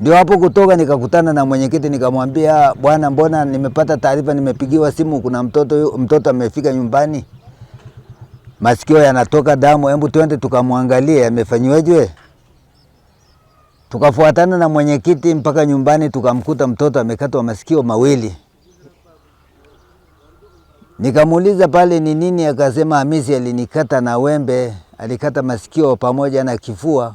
Ndio hapo kutoka nikakutana na mwenyekiti nikamwambia, bwana, mbona nimepata taarifa, nimepigiwa simu, kuna mtoto mtoto amefika nyumbani, masikio yanatoka damu, hebu twende tukamwangalie amefanyweje. Tukafuatana na mwenyekiti mpaka nyumbani, tukamkuta mtoto amekatwa masikio mawili. Nikamuuliza pale ni nini, akasema Hamisi alinikata na wembe, alikata masikio pamoja na kifua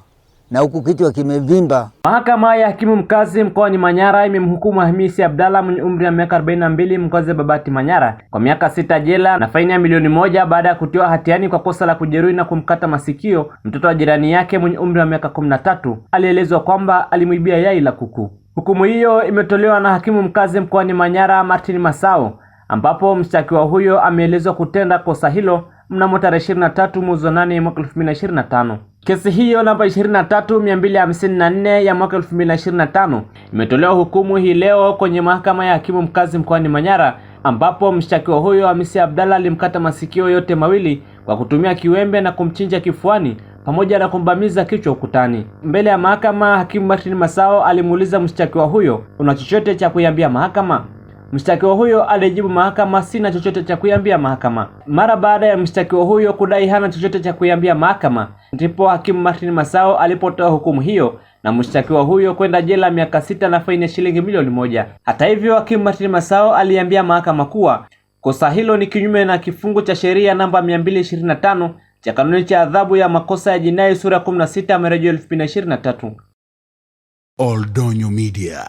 na huku kichwa kimevimba. Mahakama ya hakimu mkazi mkoani Manyara imemhukumu Hamisi Abdalla mwenye umri wa miaka 42 mkazi wa Babati Manyara kwa miaka sita jela na faini ya milioni moja baada ya kutiwa hatiani kwa kosa la kujeruhi na kumkata masikio mtoto wa jirani yake mwenye umri wa miaka 13 alielezwa kwamba alimwibia yai la kuku. Hukumu hiyo imetolewa na hakimu mkazi mkoani Manyara Martin Masao ambapo mshtakiwa huyo ameelezwa kutenda kosa hilo mnamo tarehe 23 mwezi wa 8 mwaka 2025. Kesi hiyo namba 23254 ya mwaka 2025 imetolewa hukumu hii leo kwenye mahakama ya hakimu mkazi mkoani Manyara, ambapo mshtakiwa huyo Hamisi Abdalla alimkata masikio yote mawili kwa kutumia kiwembe na kumchinja kifuani pamoja na kumbamiza kichwa ukutani. Mbele ya mahakama, hakimu Martin Masao alimuuliza mshtakiwa huyo, una chochote cha kuiambia mahakama? Mshtakiwa huyo alijibu mahakama, sina chochote cha kuiambia mahakama. Mara baada ya mshtakiwa huyo kudai hana chochote cha kuiambia mahakama, ndipo hakimu Martin Masao alipotoa hukumu hiyo na mshtakiwa huyo kwenda jela miaka sita na faini ya shilingi milioni moja. Hata hivyo, hakimu Martin Masao aliambia mahakama kuwa kosa hilo ni kinyume na kifungu cha sheria namba 225 cha kanuni cha adhabu ya makosa ya jinai sura 16 marejeo 2023. Oldonyo Media.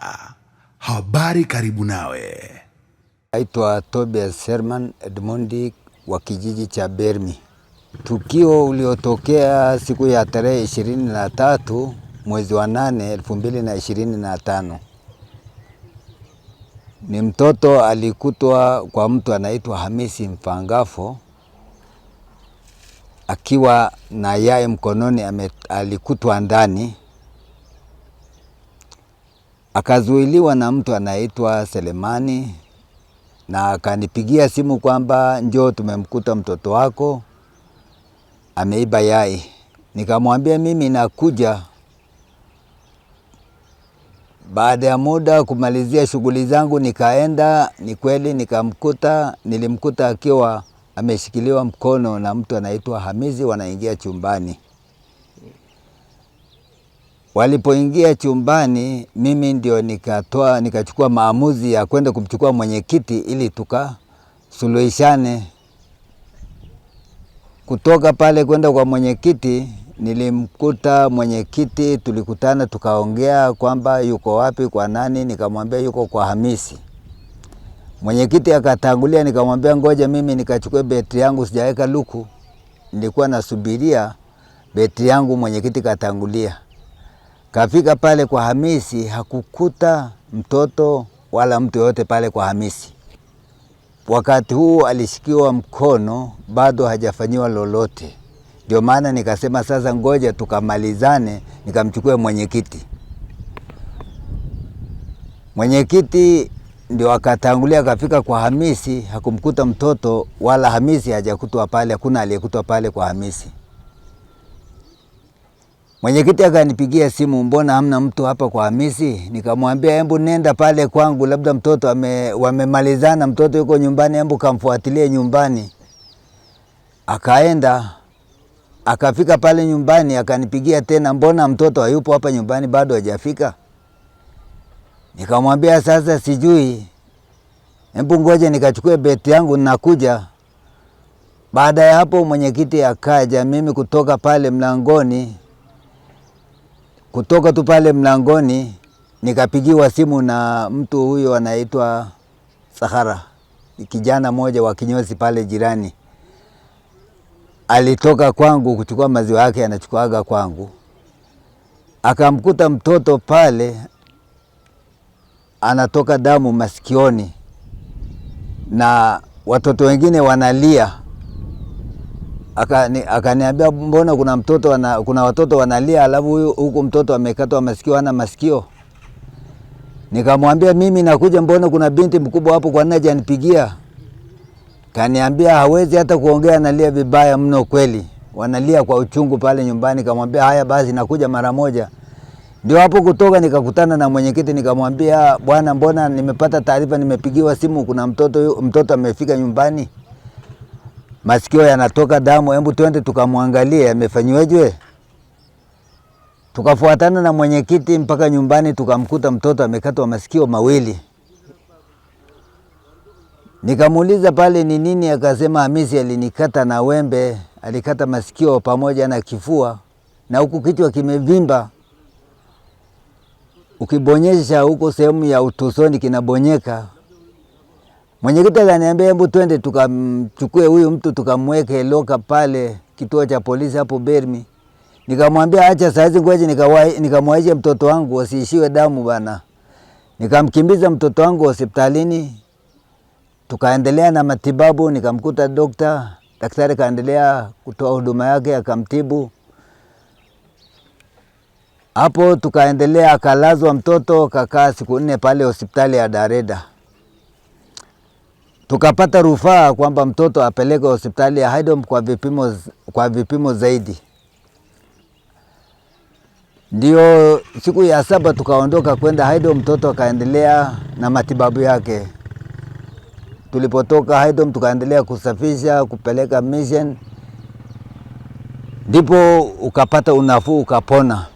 Habari karibu nawe. Naitwa Tobias Herman Edmondi wa kijiji cha Bermi. Tukio uliotokea siku ya tarehe ishirini na tatu mwezi wa nane elfu mbili na ishirini na tano ni mtoto alikutwa kwa mtu anaitwa Hamisi Mfangafo akiwa na yai mkononi, alikutwa ndani akazuiliwa na mtu anaitwa Selemani na akanipigia simu kwamba njoo, tumemkuta mtoto wako ameiba yai. Nikamwambia mimi nakuja baada ya muda kumalizia shughuli zangu, nikaenda. Ni kweli nikamkuta, nilimkuta akiwa ameshikiliwa mkono na mtu anaitwa Hamizi, wanaingia chumbani. Walipoingia chumbani, mimi ndio nikatoa nikachukua maamuzi ya kwenda kumchukua mwenyekiti ili tukasuluhishane. Kutoka pale kwenda kwa mwenyekiti, nilimkuta mwenyekiti, tulikutana tukaongea kwamba yuko wapi, kwa nani. Nikamwambia yuko kwa Hamisi. Mwenyekiti akatangulia, nikamwambia ngoja mimi nikachukue betri yangu, sijaweka luku, nilikuwa nasubiria betri yangu. Mwenyekiti katangulia. Kafika pale kwa Hamisi hakukuta mtoto wala mtu yoyote pale kwa Hamisi. Wakati huu alishikiwa mkono, bado hajafanyiwa lolote. Ndio maana nikasema sasa, ngoja tukamalizane, nikamchukue mwenyekiti. Mwenyekiti ndio akatangulia, akafika kwa Hamisi, hakumkuta mtoto wala Hamisi hajakutwa pale, hakuna aliyekutwa pale kwa Hamisi. Mwenyekiti akanipigia simu, mbona hamna mtu hapa kwa Hamisi? Nikamwambia hebu nenda pale kwangu, labda mtoto ame, wamemalizana, mtoto yuko nyumbani, hebu kamfuatilie nyumbani. Akaenda akafika pale nyumbani, akanipigia tena, mbona mtoto hayupo hapa nyumbani, bado hajafika? Nikamwambia sasa sijui, hebu ngoja nikachukue beti yangu nakuja. Baada ya hapo mwenyekiti akaja, mimi kutoka pale mlangoni kutoka tu pale mlangoni nikapigiwa simu na mtu huyo anaitwa Sahara, kijana moja wa kinyozi pale jirani. Alitoka kwangu kuchukua maziwa yake, anachukuaga kwangu, akamkuta mtoto pale anatoka damu masikioni na watoto wengine wanalia akaniambia aka mbona kuna mtoto wana, kuna watoto wanalia, alafu huyu huku mtoto amekatwa masikio ana masikio. Nikamwambia mimi nakuja, mbona kuna binti mkubwa hapo, kwa nini hajanipigia? Kaniambia hawezi hata kuongea, analia vibaya mno, kweli wanalia kwa uchungu pale nyumbani. Kamwambia haya basi, nakuja mara moja. Ndio hapo kutoka nikakutana na mwenyekiti, nikamwambia bwana, mbona nimepata taarifa, nimepigiwa simu, kuna mtoto mtoto amefika nyumbani masikio yanatoka damu, hebu twende tukamwangalie amefanyiweje. Tukafuatana na mwenyekiti mpaka nyumbani, tukamkuta mtoto amekatwa masikio mawili. Nikamuuliza pale ni nini, akasema Hamisi alinikata na wembe, alikata masikio pamoja na kifua, na huku kichwa kimevimba, ukibonyesha huko sehemu ya utusoni kinabonyeka Mwenyekiti akaniambia hebu twende tukamchukue huyu mtu tukamweke loka pale kituo cha polisi hapo Bermi. Nikamwambia acha saizi ngoje nikamwaishe mtoto wangu asiishiwe damu bana. Nikamkimbiza mtoto wangu hospitalini, tukaendelea na matibabu. Nikamkuta dokta, daktari kaendelea kutoa huduma yake, akamtibu hapo, tukaendelea. Akalazwa mtoto, kakaa siku nne pale hospitali ya Dareda tukapata rufaa kwamba mtoto apelekwe hospitali ya Haydom kwa vipimo, kwa vipimo zaidi. Ndio siku ya saba tukaondoka kwenda Haydom, mtoto akaendelea na matibabu yake. Tulipotoka Haydom tukaendelea kusafisha kupeleka Mission, ndipo ukapata unafuu ukapona.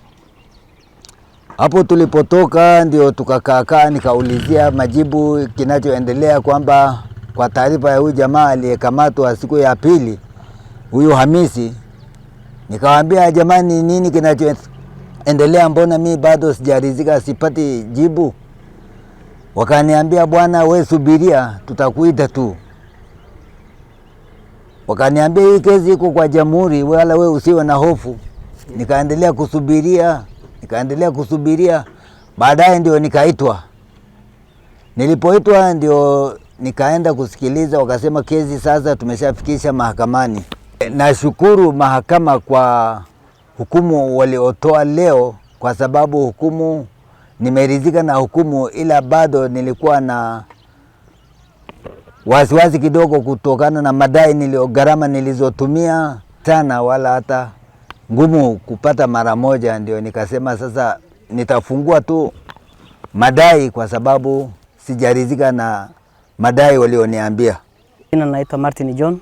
Hapo tulipotoka ndio tukakaakaa, nikaulizia majibu kinachoendelea kwamba kwa taarifa ya huyu jamaa aliyekamatwa siku ya pili, huyu Hamisi, nikawaambia jamani, nini kinachoendelea? Mbona mi bado sijarizika, sipati jibu? Wakaniambia bwana, we subiria, tutakuita tu. Wakaniambia hii kesi iko kwa jamhuri, wala we usiwe na hofu. Nikaendelea kusubiria, nikaendelea kusubiria, baadaye ndio nikaitwa. Nilipoitwa ndio nikaenda kusikiliza, wakasema kesi sasa tumeshafikisha mahakamani. Nashukuru mahakama kwa hukumu waliotoa leo, kwa sababu hukumu nimeridhika na hukumu, ila bado nilikuwa na wasiwasi kidogo kutokana na madai nilio, gharama nilizotumia sana, wala hata ngumu kupata mara moja. Ndio nikasema sasa nitafungua tu madai, kwa sababu sijaridhika na madai walioniambia. Jina naitwa Martin John,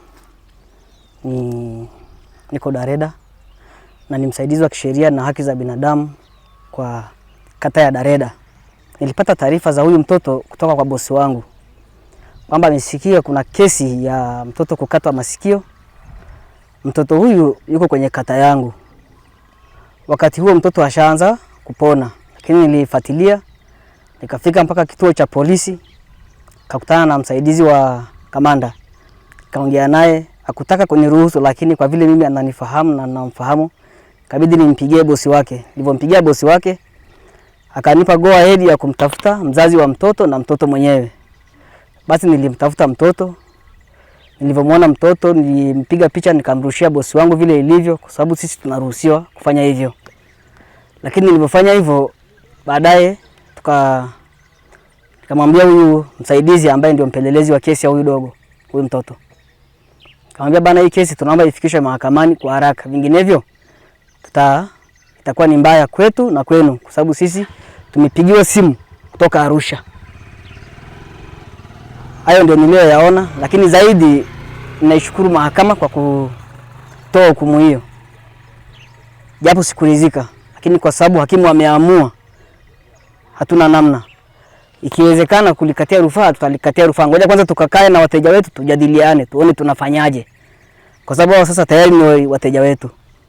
ni niko Dareda na ni msaidizi wa kisheria na haki za binadamu kwa kata ya Dareda. Nilipata taarifa za huyu mtoto kutoka kwa bosi wangu kwamba nisikia kuna kesi ya mtoto kukatwa masikio. Mtoto huyu yuko kwenye kata yangu, wakati huo mtoto ashaanza kupona, lakini nilifuatilia nikafika mpaka kituo cha polisi kakutana na msaidizi wa kamanda, kaongea naye, akutaka kuniruhusu, lakini kwa vile mimi ananifahamu na namfahamu, kabidi nimpigie bosi wake. Nilipompigia bosi wake akanipa go ahead ya kumtafuta mzazi wa mtoto na mtoto mwenyewe. Basi nilimtafuta mtoto. Nilivyomwona mtoto nilimpiga picha nikamrushia bosi wangu vile ilivyo, kwa sababu sisi tunaruhusiwa kufanya hivyo. Lakini nilivyofanya hivyo, baadaye tuka Nikamwambia huyu msaidizi ambaye ndio mpelelezi wa kesi ya huyu dogo, huyu mtoto. Nikamwambia bana, hii kesi tunaomba ifikishwe mahakamani kwa haraka, vinginevyo tuta itakuwa ni mbaya kwetu na kwenu, kwa sababu sisi tumepigiwa simu kutoka Arusha. Hayo ndio niliyoyaona, lakini zaidi naishukuru mahakama kwa kutoa hukumu hiyo, japo sikuridhika, lakini kwa sababu hakimu ameamua, hatuna namna ikiwezekana kulikatia rufaa tutalikatia rufaa. Ngoja kwanza tukakae na wateja wetu tujadiliane, tuone tunafanyaje, kwa sababu sasa tayari ni wateja wetu.